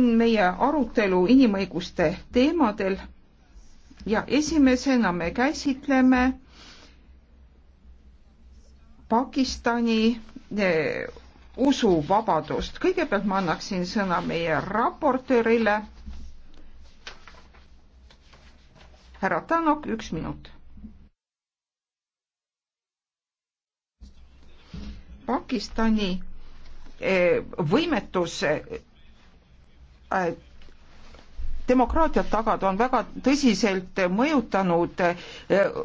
on meie arutelu inimõiguste teemadel ja esimesena me käsitleme Pakistani eh, usuvabadust. kõigepealt ma annaksin sõna meie raportöörile. härra Tanok, üks minut. Pakistani eh, võimetus eh, Äh, demokraatiat tagada on väga tõsiselt mõjutanud äh,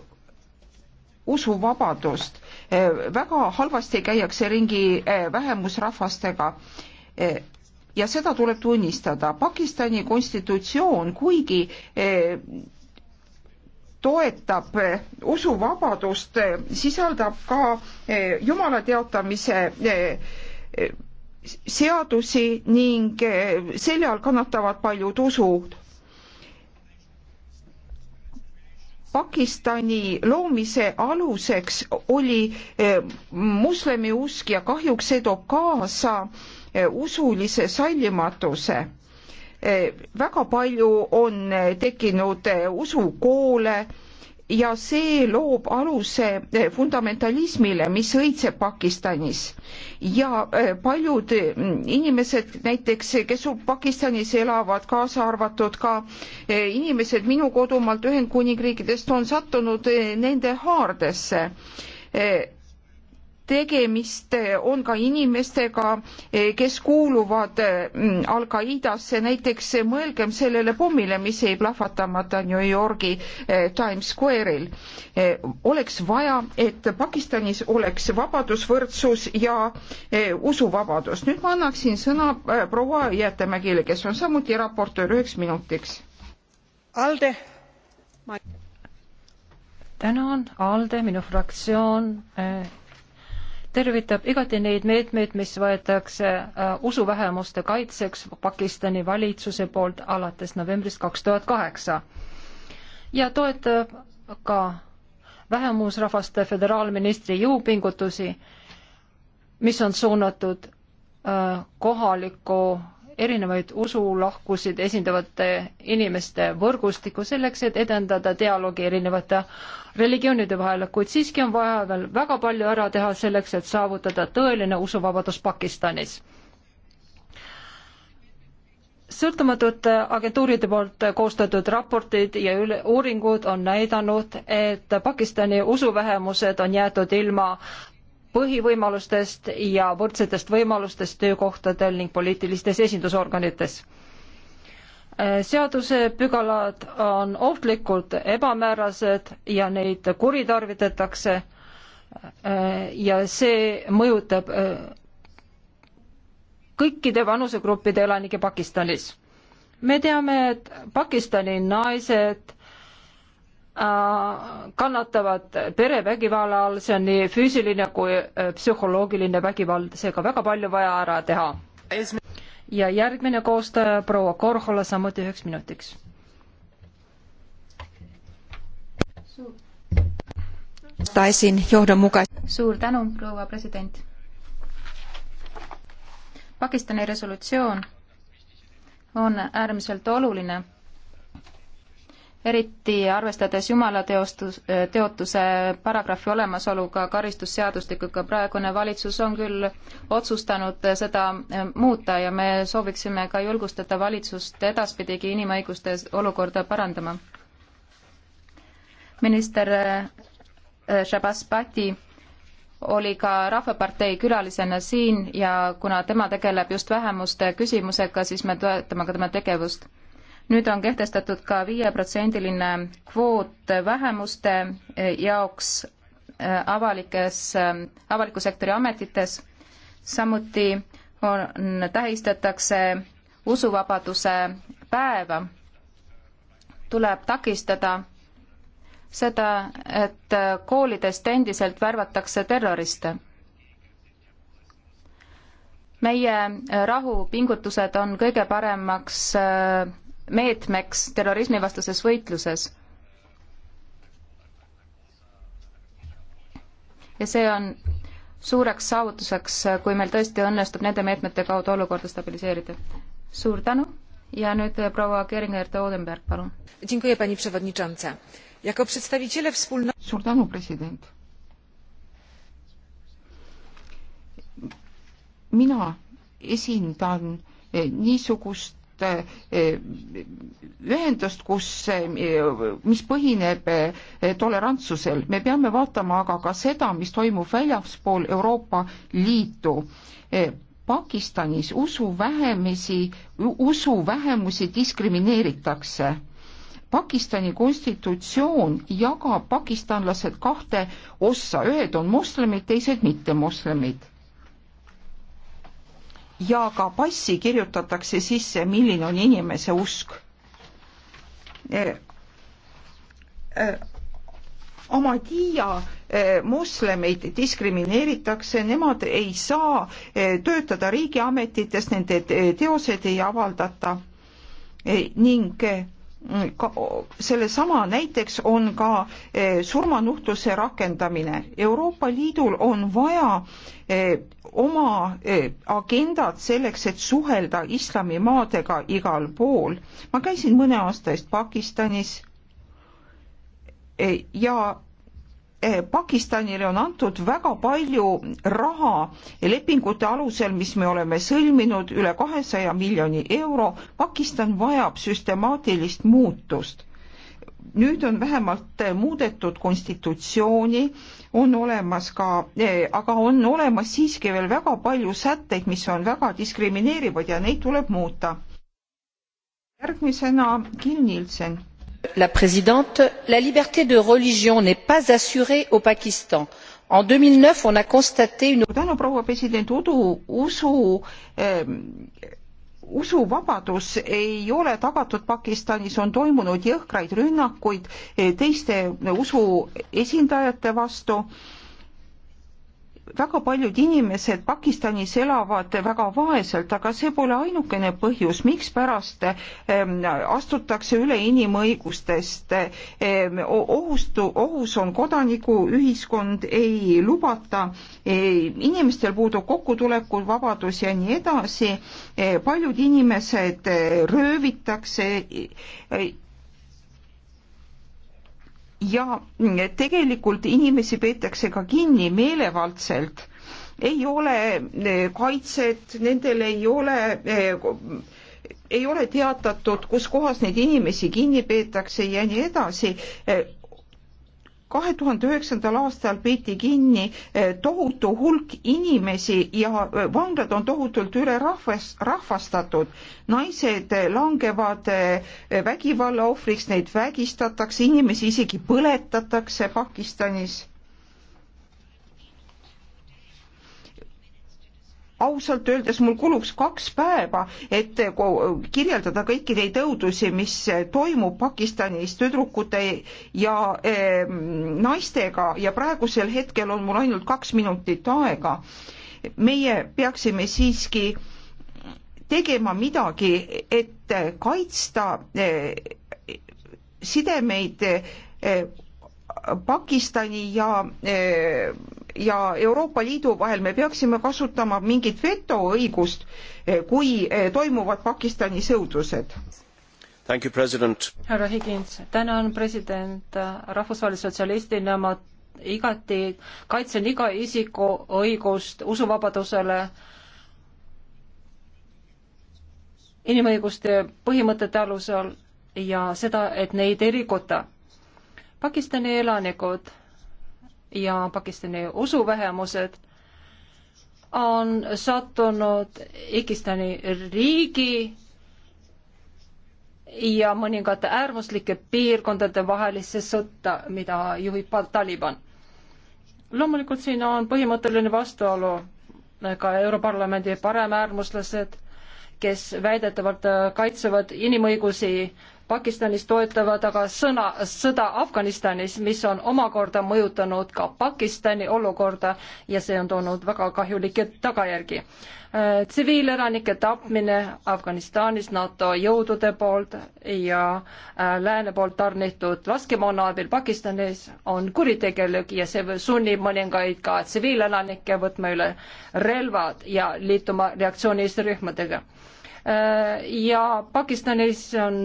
usuvabadust. Äh, väga halvasti käiakse ringi vähemusrahvastega ja seda tuleb tunnistada. Pakistani konstitutsioon, kuigi toetab usuvabadust, sisaldab ka jumala teotamise seadusi ning eh, selle all kannatavad paljud usud. Pakistani loomise aluseks oli eh, moslemi usk ja kahjuks see toob kaasa eh, usulise sallimatuse. väga palju on tekkinud usukoole ja see loob aluse eh, fundamentalismile, mis õitseb Pakistanis. ja eh, paljud mm, inimesed näiteks, kes Pakistanis elavad, kaasa arvatud ka eh, inimesed minu kodumaalt Ühendkuningriikidest, on sattunud nende haardesse tegemist on ka inimestega, kes kuuluvad mm, Al-Qaidasse, näiteks mõelgem sellele pommile, mis jäi plahvatamata New Yorgi eh, Times Square'il. Eh, oleks vaja, et Pakistanis oleks vabadus, võrdsus ja eh, usuvabadus. nüüd ma annaksin sõna proua Jäätemägile, kes on samuti raportöör üheks minutiks. Alde ma.... tänan, Alde, minu fraktsioon tervitab igati neid meetmeid, mis võetakse äh, usuvähemuste kaitseks Pakistani valitsuse poolt alates novembrist kaks tuhat kaheksa ja toetab ka vähemusrahvaste föderaalministri jõupingutusi, mis on suunatud äh, kohaliku erinevaid usulahkusid esindavate inimeste võrgustikku selleks, et edendada dialoogi erinevate religioonide vahel, kuid siiski on vaja veel väga palju ära teha selleks, et saavutada tõeline usuvabadus Pakistanis. sõltumatute agentuuride poolt koostatud raportid ja üle, uuringud on näidanud, et Pakistani usuvähemused on jäetud ilma põhivõimalustest ja võrdsetest võimalustest töökohtadel ning poliitilistes esindusorganites seadusepügalad on ohtlikult ebamäärased ja neid kuritarvitatakse ja see mõjutab kõikide vanusegruppide elanike Pakistanis. me teame, et Pakistani naised Äh, kannatavad perevägivalla all, see on nii füüsiline kui äh, psühholoogiline vägivald, seega väga palju vaja ära teha. ja järgmine koostaja proua Korhola samuti üheks minutiks. suur tänu, proua president. Pakistani resolutsioon on äärmiselt oluline eriti arvestades Jumala teostus, teotuse paragrahvi olemasoluga karistusseadustikuga, praegune valitsus on küll otsustanud seda eh, muuta ja me sooviksime ka julgustada valitsust edaspidigi inimõiguste olukorda parandama. minister eh, Shabazz Bati oli ka Rahvapartei külalisena siin ja kuna tema tegeleb just vähemuste küsimusega, siis me toetame ka tema tegevust nüüd on kehtestatud ka viieprotsendiline kvoot vähemuste eh, jaoks eh, avalikes, eh, avaliku sektori ametites, samuti on, tähistatakse usuvabaduse päeva, tuleb takistada seda, et koolidest endiselt värvatakse terroriste. meie rahupingutused on kõige paremaks meetmeks terrorismivastases võitluses. ja see on suureks saavutuseks, kui meil tõesti õnnestub nende meetmete kaudu olukorda stabiliseerida. suur tänu ja nüüd proua Keringer-Todenberg, palun. suur tänu, president. mina esindan niisugust Eh, ühendust, kus, eh, mis põhineb eh, tolerantsusel. me peame vaatama aga ka seda, mis toimub väljaspool Euroopa Liitu. Pakistanis usuvähemisi, usuvähemusi diskrimineeritakse. Pakistani konstitutsioon jagab pakistanlased kahte ossa, ühed on moslemid, teised mittemoslemid ja ka passi kirjutatakse sisse, milline on inimese usk. Ahmadiyya e, e, e, moslemeid diskrimineeritakse, nemad ei saa töötada riigiametites, nende teosed ei avaldata ning Mm, sellesama näiteks on ka e, surmanuhtluse rakendamine. Euroopa Liidul on vaja e, oma e, agendat selleks, et suhelda islamimaadega igal pool. ma käisin mõne aasta eest Pakistanis ja Eh, Pakistanile on antud väga palju raha lepingute alusel, mis me oleme sõlminud, üle kahesaja miljoni euro. Pakistan vajab süstemaatilist muutust. nüüd on vähemalt eh, muudetud konstitutsiooni, on olemas ka, eh, aga on olemas siiski veel väga palju sätteid, mis on väga diskrimineerivad ja neid tuleb muuta. järgmisena Kim Nielsen madame la présidente la liberté de religion n'est pas assurée au pakistan. en deux mille neuf on a constaté une. usu ehm, usuvabadus ei ole tagatud Pakistanis, on toimunud jõhkraid rünnakuid eh, teiste usu esindajate vastu väga paljud inimesed Pakistanis elavad väga vaeselt, aga see pole ainukene põhjus, mikspärast ehm, astutakse üle inimõigustest. Ehm, ohustu, ohus on kodanikuühiskond, ei lubata, inimestel puudub kokkutulekuvabadus ja nii edasi. Ehm, paljud inimesed eh, röövitakse eh, ja tegelikult inimesi peetakse ka kinni meelevaldselt. ei ole eh, kaitset, nendel ei ole, eh, ei ole teatatud, kus kohas neid inimesi kinni peetakse ja nii edasi. Eh, kahe tuhande üheksandal aastal peeti kinni eh, tohutu hulk inimesi ja eh, vanglad on tohutult üle rahvas, rahvastatud. naised eh, langevad vägivalla ohvriks, neid vägistatakse, inimesi isegi põletatakse Pakistanis ausalt öeldes mul kuluks kaks päeva, et kirjeldada kõiki neid õudusi, mis toimub Pakistanis tüdrukute ja e, naistega ja praegusel hetkel on mul ainult kaks minutit aega. meie peaksime siiski tegema midagi, et kaitsta e, sidemeid e, Pakistani ja e, ja Euroopa Liidu vahel me peaksime kasutama mingit vetoõigust, eh, kui eh, toimuvad Pakistanis õudused. härra Higins, tänan president, rahvusvahelise sotsialistina ma igati kaitsen iga isiku õigust usuvabadusele, inimõiguste põhimõtete alusel ja seda, et neid ei rikuta. Pakistani elanikud ja Pakistani usuvähemused on sattunud Ikistani riigi ja mõningate äärmuslike piirkondade vahelisse sõtta, mida juhib Taliban. loomulikult siin on põhimõtteline vastuolu ka Europarlamendi paremäärmuslased, kes väidetavalt kaitsevad inimõigusi Pakistanis toetavad aga sõna, sõda Afganistanis, mis on omakorda mõjutanud ka Pakistani olukorda ja see on toonud väga kahjulikke tagajärgi. Äh, tsiviilelanike tapmine Afganistanis NATO jõudude poolt ja äh, lääne poolt tarnitud laskemoona abil Pakistanis on kuritegelik ja see sunnib mõningaid ka tsiviilelanikke võtma üle relvad ja liituma reaktsiooniliste rühmadega äh, ja Pakistanis on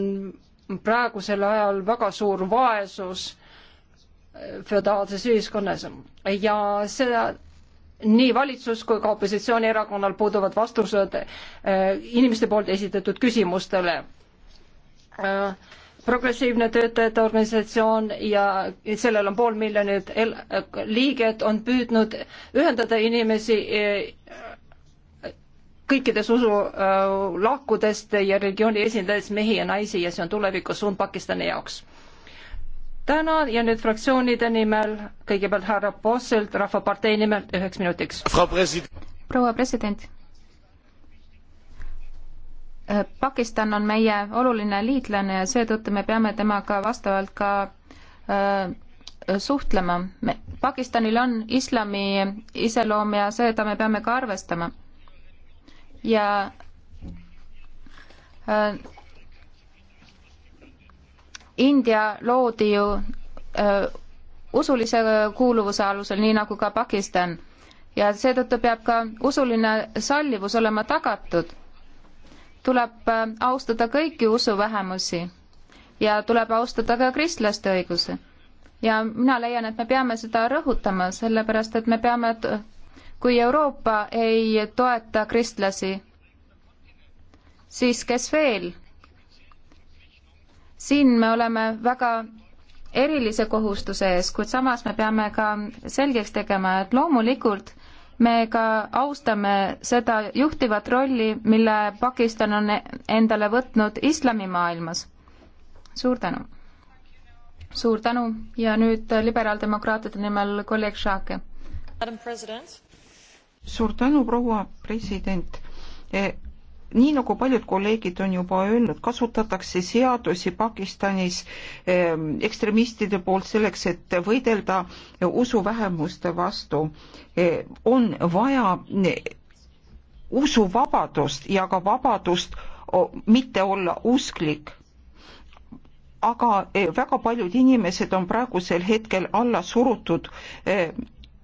praegusel ajal väga suur vaesus föodaalses ühiskonnas ja seda nii valitsus kui ka opositsioonierakonnal puuduvad vastused äh, inimeste poolt esitatud küsimustele. Äh, progressiivne töötajate organisatsioon ja sellel on pool miljonit äh, liiget, on püüdnud ühendada inimesi kõikides usu äh, lahkudest ja religiooni esindajatest mehi ja naisi ja see on tulevikusuund Pakistani jaoks. tänan ja nüüd fraktsioonide nimel kõigepealt härra Posselt Rahvapartei nimel üheks minutiks. proua president. Äh, Pakistan on meie oluline liitlane ja seetõttu me peame temaga vastavalt ka äh, suhtlema. Pakistanil on islami iseloom ja seda me peame ka arvestama ja äh, India loodi ju äh, usulise kuuluvuse alusel, nii nagu ka Pakistan. ja seetõttu peab ka usuline sallivus olema tagatud. tuleb äh, austada kõiki usuvähemusi ja tuleb austada ka kristlaste õigusi. ja mina leian, et me peame seda rõhutama, sellepärast et me peame kui Euroopa ei toeta kristlasi, siis kes veel? siin me oleme väga erilise kohustuse ees, kuid samas me peame ka selgeks tegema, et loomulikult me ka austame seda juhtivat rolli, mille Pakistan on endale võtnud islamimaailmas. suur tänu! suur tänu ja nüüd liberaaldemokraatide nimel kolleeg Šake suur tänu, proua president e, nii nagu paljud kolleegid on juba öelnud, kasutatakse seadusi Pakistanis e, ekstremistide poolt selleks, et võidelda usuvähemuste vastu. E, on vaja usuvabadust ja ka vabadust mitte olla usklik. aga väga paljud inimesed on praegusel hetkel alla surutud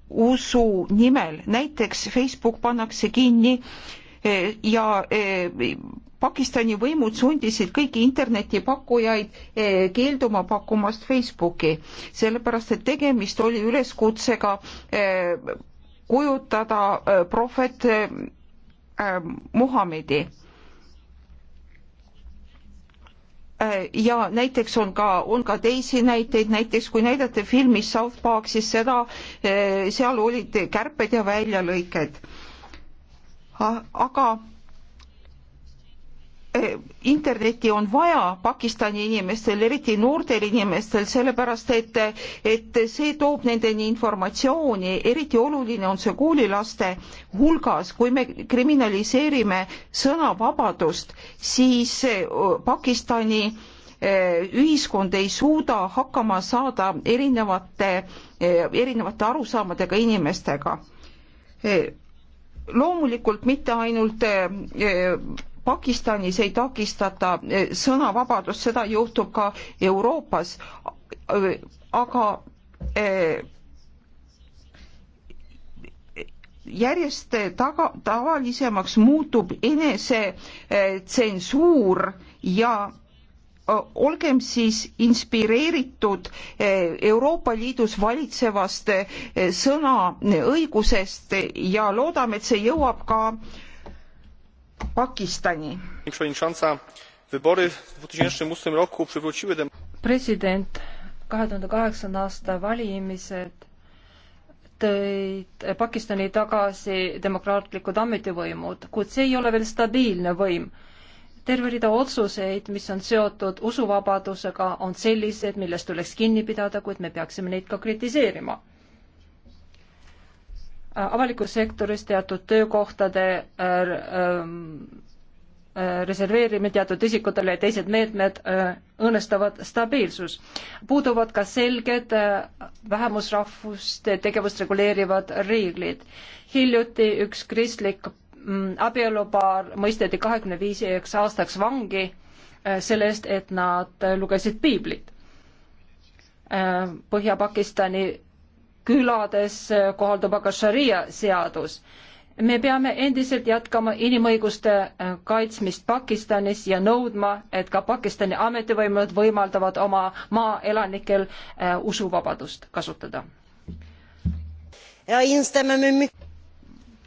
usu nimel, näiteks Facebook pannakse kinni e, ja e, Pakistani võimud sundisid kõiki internetipakkujaid e, keelduma pakkumast Facebooki, sellepärast et tegemist oli üleskutsega kujutada prohvet Muhamedi Äh, ja näiteks on ka, on ka teisi näiteid, näiteks kui näidati filmis South Park, siis seda, äh, seal olid kärped ja väljalõiked. aga Eh, internetti on vaja Pakistani inimestel, eriti noortel inimestel, sellepärast et, et see toob nendeni informatsiooni, eriti oluline on see koolilaste hulgas, kui me kriminaliseerime sõnavabadust, siis eh, Pakistani eh, ühiskond ei suuda hakkama saada erinevate, erinevate arusaamadega inimestega. loomulikult mitte ainult Pakistanis ei takistata eh, sõnavabadust, seda juhtub ka Euroopas, eh, aga eh, järjest taga, tavalisemaks muutub enesetsensuur ja olgem siis inspireeritud Euroopa Liidus valitsevast sõnaõigusest ja loodame, et see jõuab ka Pakistani. president, kahe tuhande kaheksanda aasta valimised tõid Pakistani tagasi demokraatlikud ametivõimud, kuid see ei ole veel stabiilne võim. terve rida otsuseid, mis on seotud usuvabadusega, on sellised, millest tuleks kinni pidada, kuid me peaksime neid ka kritiseerima Äh, avalikus sektoris teatud töökohtade äh, ähm, äh, reserveerimine teatud isikutele ja teised meetmed õõnestavad stabiilsus. puuduvad ka selged vähemusrahvuste tegevust reguleerivad reeglid. hiljuti üks kristlik mm, abielupaar mõisteti kahekümne viieks aastaks vangi selle eest, et nad lugesid piiblit. Põhja-Pakistani külades eh, kohaldub aga šaria seadus. me peame endiselt jätkama inimõiguste eh, kaitsmist Pakistanis ja nõudma, et ka Pakistani ametivõimud võimaldavad oma maa elanikel eh, usuvabadust kasutada.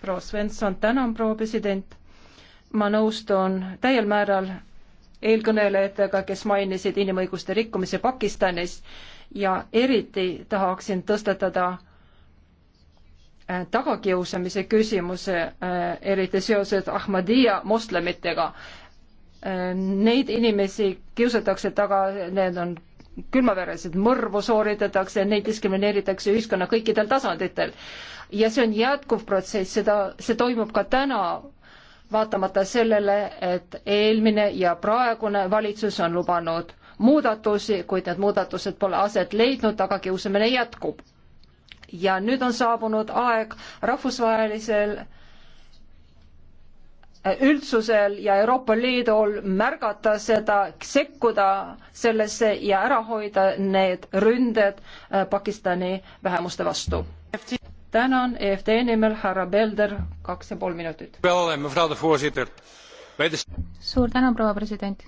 proua Svensson, tänan, proua president. ma nõustun täiel määral eelkõnelejatega, kes mainisid inimõiguste rikkumise Pakistanis ja eriti tahaksin tõstatada äh, tagakiusamise küsimuse, äh, eriti seoses Ahmadiyya moslemitega. Äh, neid inimesi kiusatakse taga, need on külmaverelised mõrvu sooritatakse, neid diskrimineeritakse ühiskonna kõikidel tasanditel. ja see on jätkuv protsess, seda, see toimub ka täna, vaatamata sellele, et eelmine ja praegune valitsus on lubanud muudatusi, kuid need muudatused pole aset leidnud, tagakiusamine jätkub. ja nüüd on saabunud aeg rahvusvahelisel äh, üldsusel ja Euroopa Liidul märgata seda, sekkuda sellesse ja ära hoida need ründed äh, Pakistani vähemuste vastu. tänan EFT nimel härra Belder, kaks ja pool minutit. suur tänu, proua president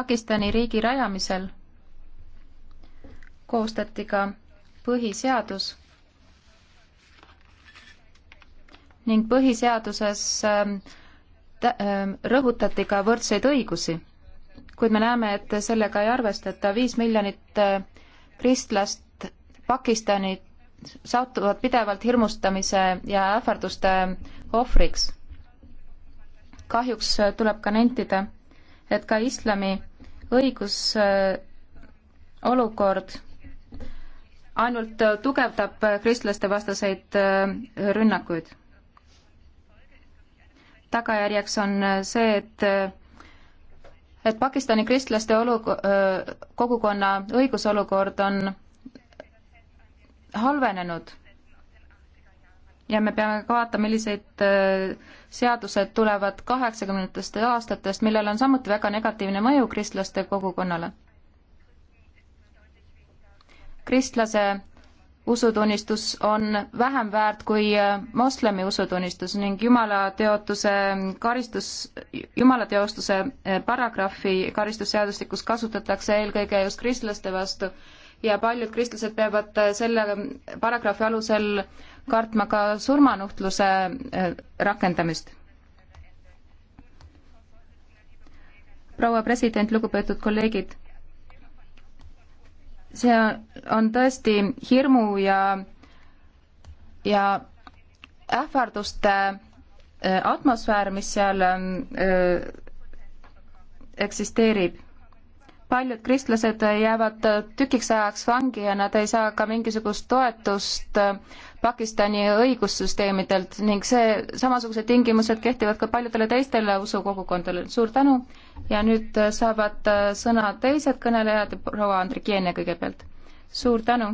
Pakistani riigi rajamisel koostati ka põhiseadus ning põhiseaduses ähm, ähm, rõhutati ka võrdseid õigusi, kuid me näeme, et sellega ei arvestata, viis miljonit äh, kristlast Pakistani satuvad pidevalt hirmustamise ja ähvarduste ohvriks. kahjuks äh, tuleb ka nentida, et ka islami õigusolukord ainult tugevdab kristlaste vastaseid äh, rünnakuid. tagajärjeks on äh, see, et, äh, et Pakistani kristlaste olu-, kogukonna õigusolukord on halvenenud ja me peame ka vaatama, millised äh, seadused tulevad kaheksakümnendatest aastatest, millel on samuti väga negatiivne mõju kristlaste kogukonnale. kristlase usutunnistus on vähem väärt kui äh, moslemi usutunnistus ning Jumala teotuse karistus, Jumala teostuse äh, paragrahvi karistusseadustikus kasutatakse eelkõige just kristlaste vastu ja paljud kristlased peavad selle paragrahvi alusel äh, kartma ka surmanuhtluse eh, rakendamist. proua president, lugupeetud kolleegid, see on tõesti hirmu ja, ja ähvarduste eh, atmosfäär, mis seal äh, eksisteerib. paljud kristlased jäävad tükiks ajaks vangi ja nad ei saa ka mingisugust toetust äh, Pakistani õigussüsteemidelt ning see, samasugused tingimused kehtivad ka paljudele teistele usukogukondadele. suur tänu ja nüüd äh, saavad äh, sõna teised kõnelejad, proua Andrikiene kõigepealt. suur tänu.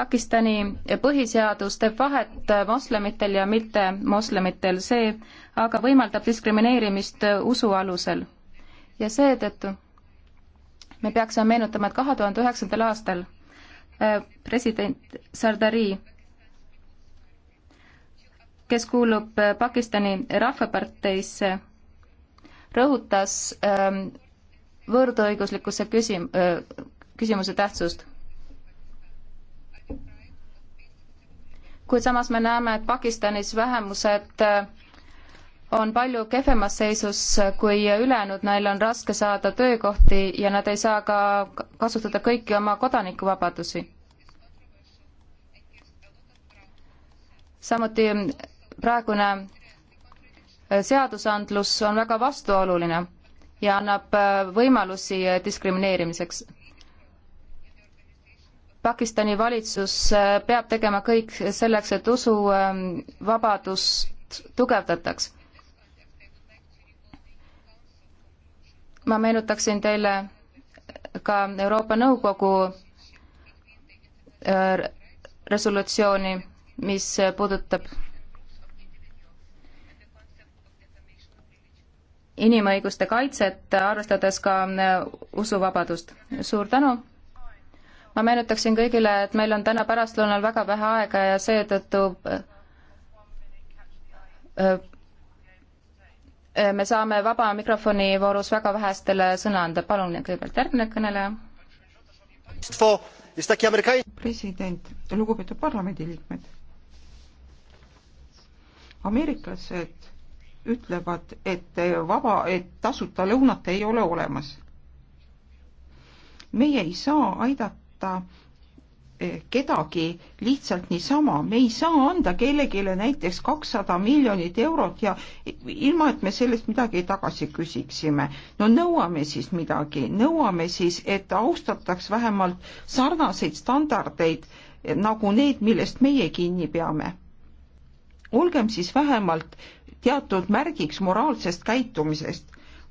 Pakistani põhiseadus teeb vahet äh, moslemitel ja mittemoslemitel, see aga võimaldab diskrimineerimist usu alusel. ja seetõttu me peaksime meenutama, et kahe tuhande üheksandal aastal Äh, president Sardari, kes kuulub äh, Pakistani Rahvaparteisse, rõhutas ähm, võõrdõiguslikkuse küsim-, äh, küsimuse tähtsust. kuid samas me näeme, et Pakistanis vähemused on palju kehvemas seisus kui ülejäänud, neil on raske saada töökohti ja nad ei saa ka kasutada kõiki oma kodanikuvabadusi. samuti praegune seadusandlus on väga vastuoluline ja annab võimalusi diskrimineerimiseks Pakistani valitsus peab tegema kõik selleks, et usuvabadust tugevdataks. ma meenutaksin teile ka Euroopa Nõukogu äh, resolutsiooni, mis puudutab inimõiguste kaitset, arvestades ka äh, usuvabadust. suur tänu! ma meenutaksin kõigile, et meil on täna pärastlõunal väga vähe aega ja seetõttu äh, Äh, me saame vaba mikrofoni voorus väga vähestele sõna anda. palun kõigepealt järgmine kõneleja. president, lugupeetud parlamendiliikmed. ameeriklased ütlevad, et vaba, et tasuta lõunat ei ole olemas. meie ei saa aidata Eh, kedagi lihtsalt niisama, me ei saa anda kellelegi näiteks kakssada miljonit eurot ja ilma, et me sellest midagi tagasi küsiksime. no nõuame siis midagi, nõuame siis, et austataks vähemalt sarnaseid standardeid nagu need, millest meie kinni peame. olgem siis vähemalt teatud märgiks moraalsest käitumisest.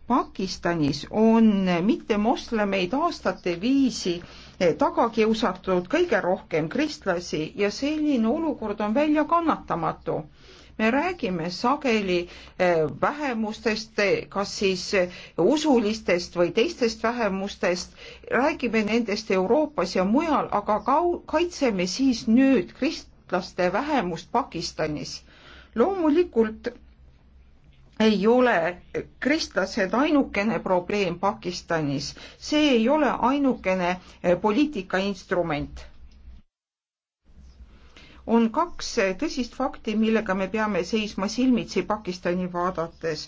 Pakistanis on mittemoslemeid aastate viisi äh, Eh, tagakiusatud kõige rohkem kristlasi ja selline olukord on väljakannatamatu me räägime sageli eh, vähemustest, eh, kas siis usulistest või teistest vähemustest, räägime nendest Euroopas ja mujal, aga kau-, kaitseme siis nüüd kristlaste vähemust Pakistanis. loomulikult ei ole kristlased ainukene probleem Pakistanis, see ei ole ainukene eh, poliitika instrument on kaks tõsist fakti, millega me peame seisma silmitsi Pakistani vaadates.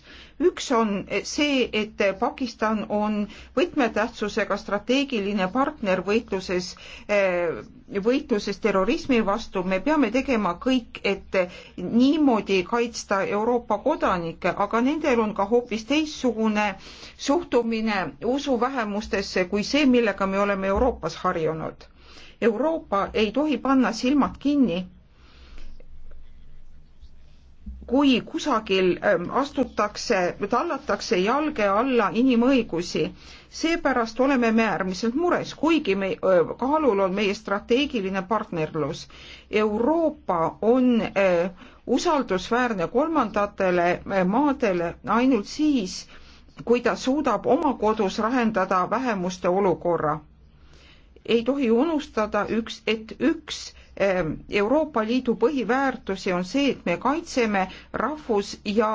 üks on see, et Pakistan on võtmetähtsusega strateegiline partner võitluses, eh, võitluses terrorismi vastu. me peame tegema kõik, et niimoodi kaitsta Euroopa kodanikke, aga nendel on ka hoopis teistsugune suhtumine usuvähemustesse kui see, millega me oleme Euroopas harjunud Euroopa ei tohi panna silmad kinni. kui kusagil ähm, astutakse, tallatakse jalge alla inimõigusi, seepärast oleme me äärmiselt mures, kuigi me, äh, kaalul on meie strateegiline partnerlus. Euroopa on äh, usaldusväärne kolmandatele äh, maadele ainult siis, kui ta suudab oma kodus lahendada vähemuste olukorra ei tohi unustada üks, et üks eh, Euroopa Liidu põhiväärtusi on see, et me kaitseme rahvus- ja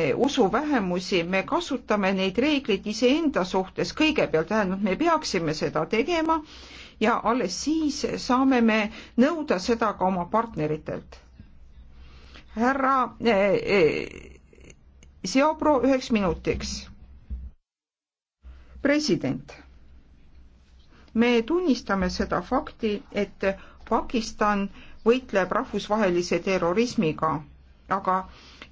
eh, usuvähemusi, me kasutame neid reegleid iseenda suhtes kõigepealt, vähemalt me peaksime seda tegema ja alles siis saame me nõuda seda ka oma partneritelt. härra eh, Seobro üheks minutiks. president me tunnistame seda fakti, et Pakistan võitleb rahvusvahelise terrorismiga, aga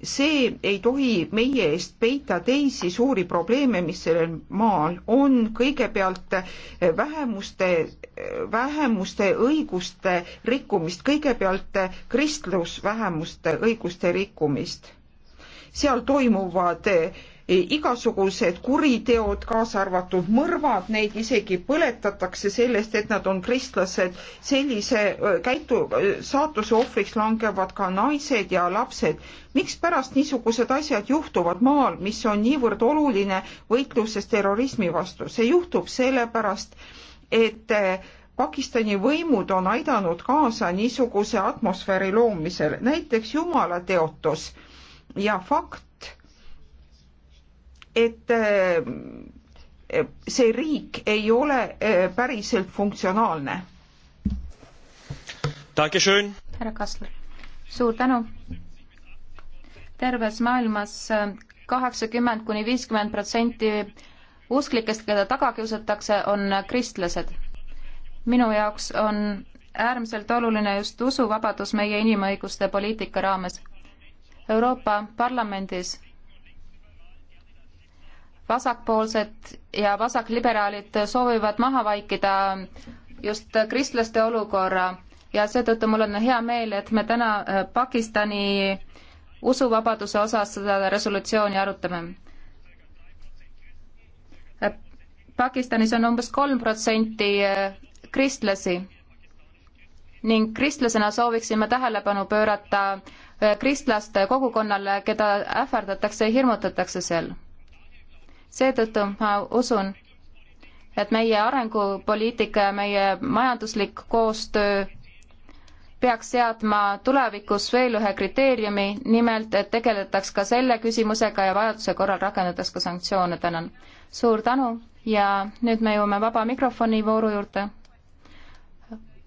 see ei tohi meie eest peita teisi suuri probleeme, mis sellel maal on, kõigepealt eh, vähemuste, eh, vähemuste õiguste rikkumist, kõigepealt eh, kristlusvähemuste õiguste rikkumist. seal toimuvad igasugused kuriteod, kaasa arvatud mõrvad, neid isegi põletatakse sellest, et nad on kristlased. sellise äh, käitu, äh, saatuse ohvriks langevad ka naised ja lapsed. mikspärast niisugused asjad juhtuvad maal, mis on niivõrd oluline võitluses terrorismi vastu? see juhtub sellepärast, et äh, Pakistani võimud on aidanud kaasa niisuguse atmosfääri loomisel, näiteks jumala teotus ja fakt, et eh, see riik ei ole eh, päriselt funktsionaalne. härra Kassler, suur tänu. terves maailmas eh, kaheksakümmend kuni viiskümmend protsenti usklikest, keda taga kiusatakse, on kristlased. minu jaoks on äärmiselt oluline just usuvabadus meie inimõiguste poliitika raames. Euroopa Parlamendis vasakpoolsed ja vasakliberaalid soovivad maha vaikida just kristlaste olukorra ja seetõttu mul on hea meel, et me täna äh, Pakistani usuvabaduse osas seda resolutsiooni arutame. Äh, Pakistanis on umbes kolm protsenti äh, kristlasi ning kristlasena sooviksime tähelepanu pöörata kristlaste kogukonnale, keda ähvardatakse ja hirmutatakse seal seetõttu ma usun, et meie arengupoliitika ja meie majanduslik koostöö peaks seadma tulevikus veel ühe kriteeriumi, nimelt et tegeletaks ka selle küsimusega ja vajaduse korral rakendataks ka sanktsioone, tänan. suur tänu ja nüüd me jõuame vaba mikrofoni vooru juurde.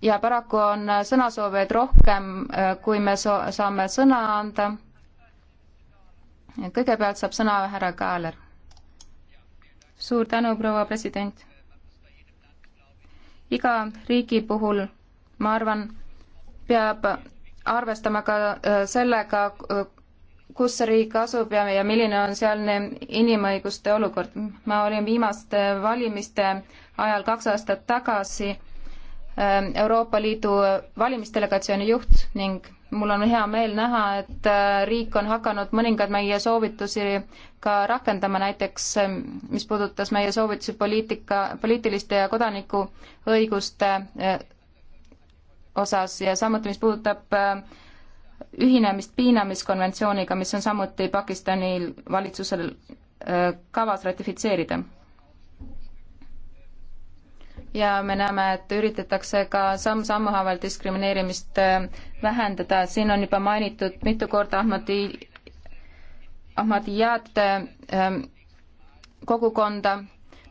ja paraku on sõnasoovijaid rohkem, äh, kui me so saame sõna anda. kõigepealt saab sõna härra Kaaler suur tänu, proua president. iga riigi puhul, ma arvan, peab arvestama ka äh, sellega, äh, kus see riik asub ja, ja milline on sealne inimõiguste olukord. ma olin viimaste valimiste ajal kaks aastat tagasi Ähm, Euroopa Liidu valimisdelegatsiooni juht ning mul on hea meel näha, et äh, riik on hakanud mõningad meie soovitusi ka rakendama, näiteks ähm, mis puudutas meie soovitusi poliitika, poliitiliste ja kodanikuõiguste äh, osas ja samuti, mis puudutab äh, ühinemist piinamiskonventsiooniga, mis on samuti Pakistani valitsusel kavas ratifitseerida ja me näeme, et üritatakse ka samm-sammu haaval diskrimineerimist äh, vähendada, siin on juba mainitud mitu korda Ahmadi, Ahmadiyad ähm, kogukonda,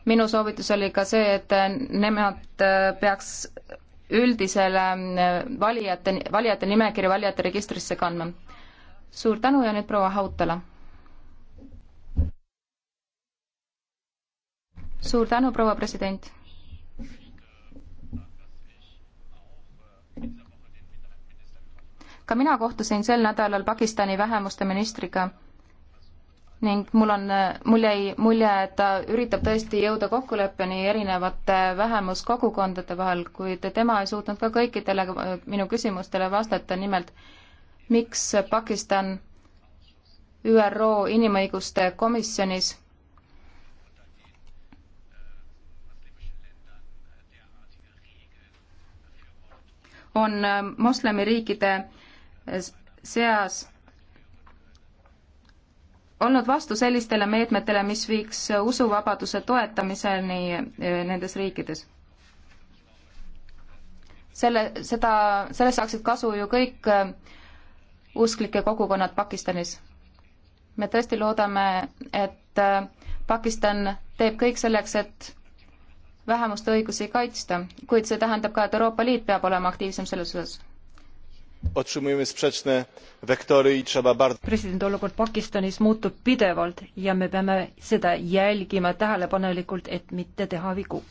minu soovitus oli ka see, et nemad äh, peaks üldisele äh, valijate, valijate nimekirja valijate registrisse kandma. suur tänu ja nüüd proua Hautala. suur tänu, proua president ka mina kohtusin sel nädalal Pakistani vähemuste ministriga ning mul on, mul jäi mulje, et ta üritab tõesti jõuda kokkuleppeni erinevate vähemuskogukondade vahel, kuid tema ei suutnud ka kõikidele minu küsimustele vastata, nimelt miks Pakistan ÜRO inimõiguste komisjonis on moslemiriikide seas olnud vastu sellistele meetmetele, mis viiks usuvabaduse toetamiseni eh, nendes riikides. selle, seda, sellest saaksid kasu ju kõik eh, usklike kogukonnad Pakistanis. me tõesti loodame, et eh, Pakistan teeb kõik selleks, et vähemuste õigusi kaitsta, kuid see tähendab ka, et Euroopa Liit peab olema aktiivsem selles osas otrzymujemy sprzeczne wektory i trzeba bardzo presidendi olukord Pakistanis muutub pidevalt ja me peame seda jälgima tähelepanelikult, et mitte teha vigu.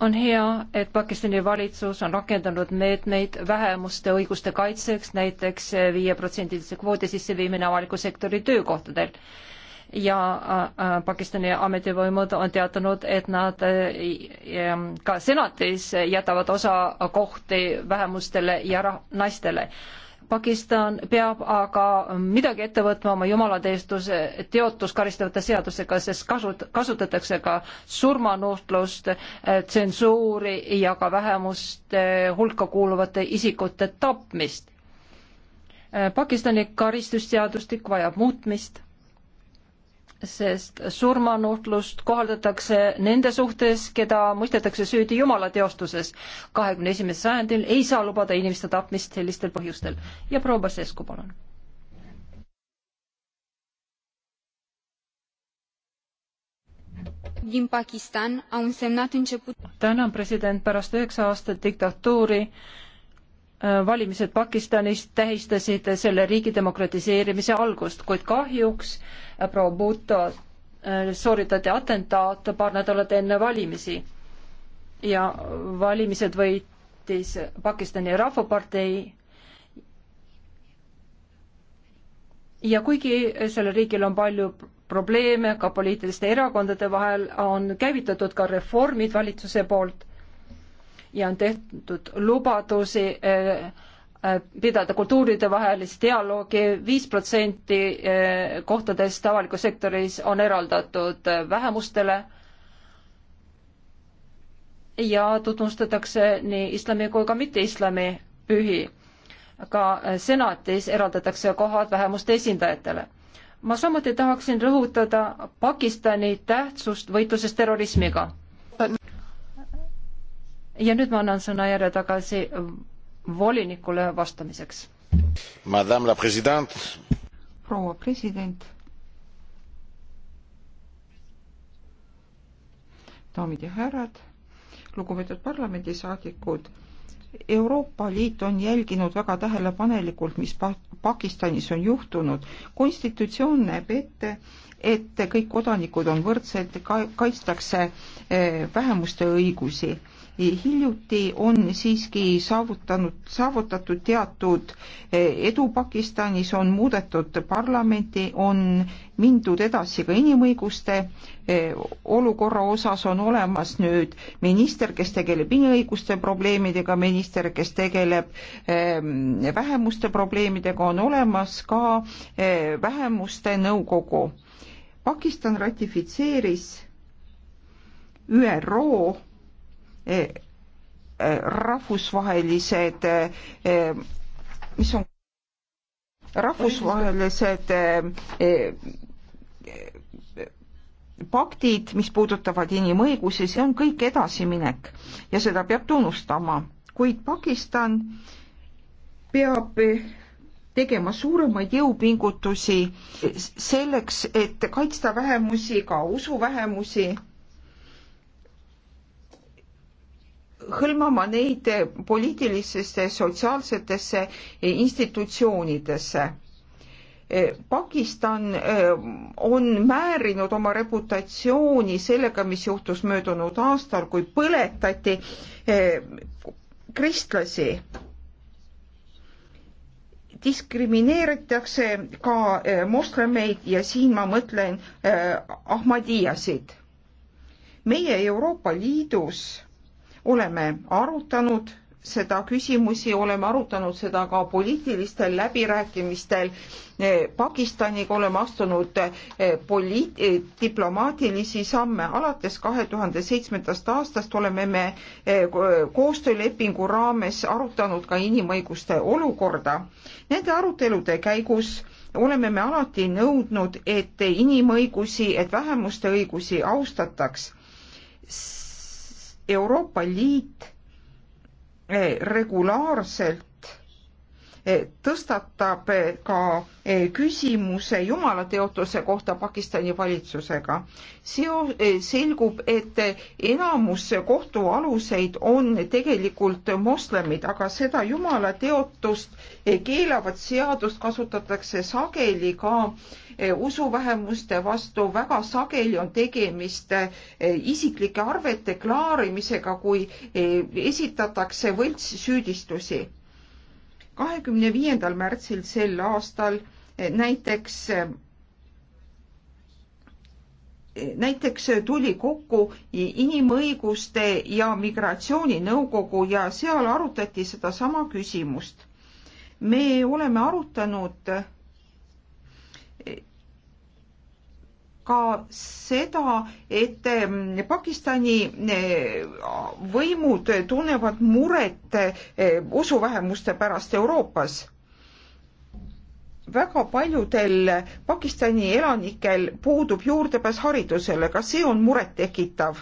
on hea, et Pakistani valitsus on rakendanud meetmeid vähemuste õiguste kaitseks näiteks, näiteks viieprotsendilise kvoodi sisseviimine avaliku sektori töökohtadel ja äh, äh, Pakistani ametivõimud on teatanud, et nad äh, ka senatis jätavad osa kohti vähemustele ja naistele. Pakistan peab aga midagi ette võtma oma jumalateenistuse teotust karistavate seadusega, sest kasut-, kasutatakse ka surmanuhtlust, tsensuuri ja ka vähemuste hulka kuuluvate isikute tapmist. Pakistani karistusseadustik vajab muutmist sest surmanuhtlust kohaldatakse nende suhtes, keda mõistetakse süüdi jumala teostuses. kahekümne esimesel sajandil ei saa lubada inimeste tapmist sellistel põhjustel. ja proua Basescu, palun. tänan, president, pärast üheksa aastat diktatuuri Äh, valimised Pakistanis tähistasid selle riigi demokratiseerimise algust, kuid kahjuks äh, proua Bhutto äh, sooritati atentaat paar nädalat enne valimisi ja valimised võitis Pakistani Rahvapartei. ja kuigi sellel riigil on palju probleeme ka poliitiliste erakondade vahel, on käivitatud ka reformid valitsuse poolt ja on tehtud lubadusi eh, eh, pidada kultuuride vahelist dialoogi, viis protsenti eh, kohtadest avalikus sektoris on eraldatud vähemustele ja tutvustatakse nii islami kui ka mitteislami pühi. ka senatis eraldatakse kohad vähemuste esindajatele. ma samuti tahaksin rõhutada Pakistani tähtsust võitluses terrorismiga ja nüüd ma annan sõna järje tagasi volinikule vastamiseks. proua president. daamid ja härrad, lugupeetud parlamendisaadikud, Euroopa Liit on jälginud väga tähelepanelikult, mis Pakistanis on juhtunud. konstitutsioon näeb ette, et kõik kodanikud on võrdsed, kaitstakse eh, vähemuste õigusi hiljuti on siiski saavutanud, saavutatud teatud eh, edu Pakistanis, on muudetud parlamenti, on mindud edasi ka inimõiguste eh, olukorra osas, on olemas nüüd minister, kes tegeleb inimõiguste probleemidega, minister, kes tegeleb eh, vähemuste probleemidega, on olemas ka vähemuste nõukogu. Pakistan ratifitseeris ÜRO E, e, rahvusvahelised, e, mis on rahvusvahelised paktid, mis puudutavad inimõigusi, see on kõik edasiminek ja seda peab tunnustama, kuid Pakistan peab tegema suuremaid jõupingutusi selleks, et kaitsta vähemusi, ka usuvähemusi hõlmama neid poliitilistesse sotsiaalsetesse institutsioonidesse. Pakistan eh, on määrinud oma reputatsiooni sellega, mis juhtus möödunud aastal, kui põletati eh, kristlasi diskrimineeritakse ka eh, moslemeid ja siin ma mõtlen eh, Ahmadiasid. meie Euroopa Liidus oleme arutanud seda küsimusi, oleme arutanud seda ka poliitilistel läbirääkimistel Pakistaniga, oleme astunud eh, poliit-, eh, diplomaatilisi samme. alates kahe tuhande seitsmendast aastast oleme me eh, koostöölepingu raames arutanud ka inimõiguste olukorda. Nende arutelude käigus oleme me alati nõudnud, et inimõigusi, et vähemuste õigusi austataks Euroopa Liit eh, regulaarselt Eh, tõstatab eh, ka eh, küsimuse Jumala teotuse kohta Pakistani valitsusega. seo-, selgub, et enamus kohtualuseid on tegelikult moslemid, aga seda Jumala teotust keelavat seadust kasutatakse sageli ka usuvähemuste vastu, väga sageli on tegemist isiklike arvete klaarimisega, kui esitatakse võltssüüdistusi kahekümne viiendal märtsil sel aastal eh, näiteks eh, näiteks tuli kokku inimõiguste ja migratsiooninõukogu ja seal arutati sedasama küsimust. me oleme arutanud ka seda, et mm, Pakistani eh, võimud tunnevad muret eh, usuvähemuste pärast Euroopas. väga paljudel Pakistani elanikel puudub juurdepääs haridusele, ka see on murettekitav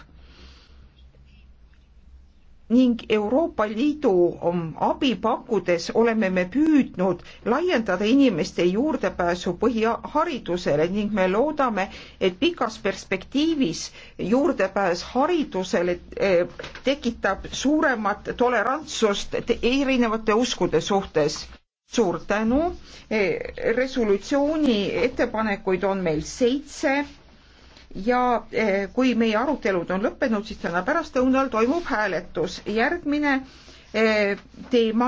ning Euroopa Liidu um, abi pakkudes oleme me püüdnud laiendada inimeste juurdepääsu põhiharidusele ning me loodame, et pikas perspektiivis juurdepääs haridusele eh, tekitab suuremat tolerantsust erinevate uskude suhtes. suur tänu, eh, resolutsiooni ettepanekuid on meil seitse ja eh, kui meie arutelud on lõppenud, siis täna pärastlõunal toimub hääletus. järgmine eh, teema